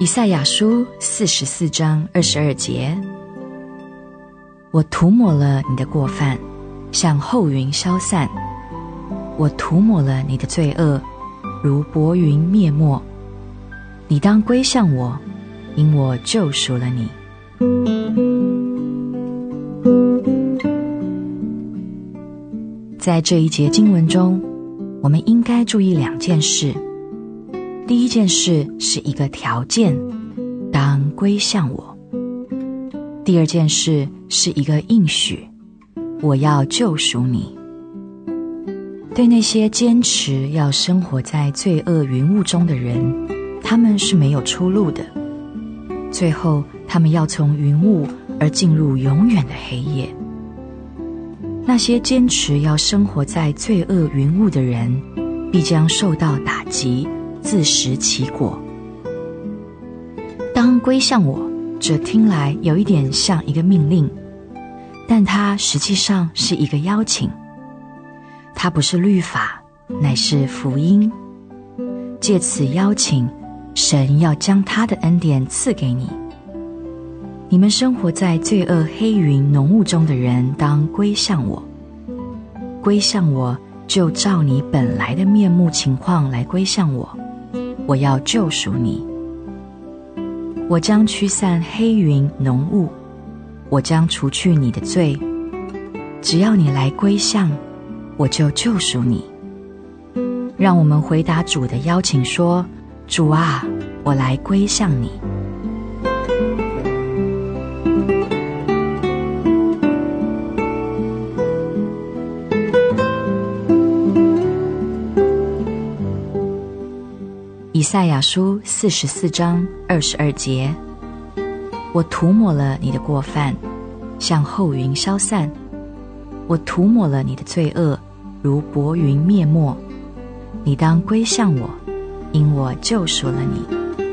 以賽亞書四十四章二十二節：我塗抹了你的過犯，像厚雲消散；我塗抹了你的罪惡，如薄雲滅沒。你當歸向我，因我救贖了你。在這一節經文中，我們應該注意兩件事。第一件事是一個條件，當歸向我。第二件事是一個應許，我要救贖你。對那些堅持要生活在罪惡雲霧中的人，他們是沒有出路的。最後，他們要從雲霧而進入永遠的黑夜。那些堅持要生活在罪惡雲霧的人，必將受到打擊。自食其果。當歸向我，這聽來有一點像一個命令，但它實際上是一個邀請。它不是律法，乃是福音。借此邀請，神要將他的恩典賜給你。你們生活在罪惡黑雲濃霧中的人，當歸向我。歸向我，就照你本來的面目情況來歸向我。我要救贖你，我將驅散黑雲濃霧，我將除去你的罪，只要你來歸向，我就救贖你。讓我們回答主的邀請，說：“主啊，我來歸向你。”以賽亞書四十四章二十二節：我塗抹了你的過犯，像厚雲消散；我塗抹了你的罪惡，如薄雲滅沒。你當歸向我，因我救贖了你。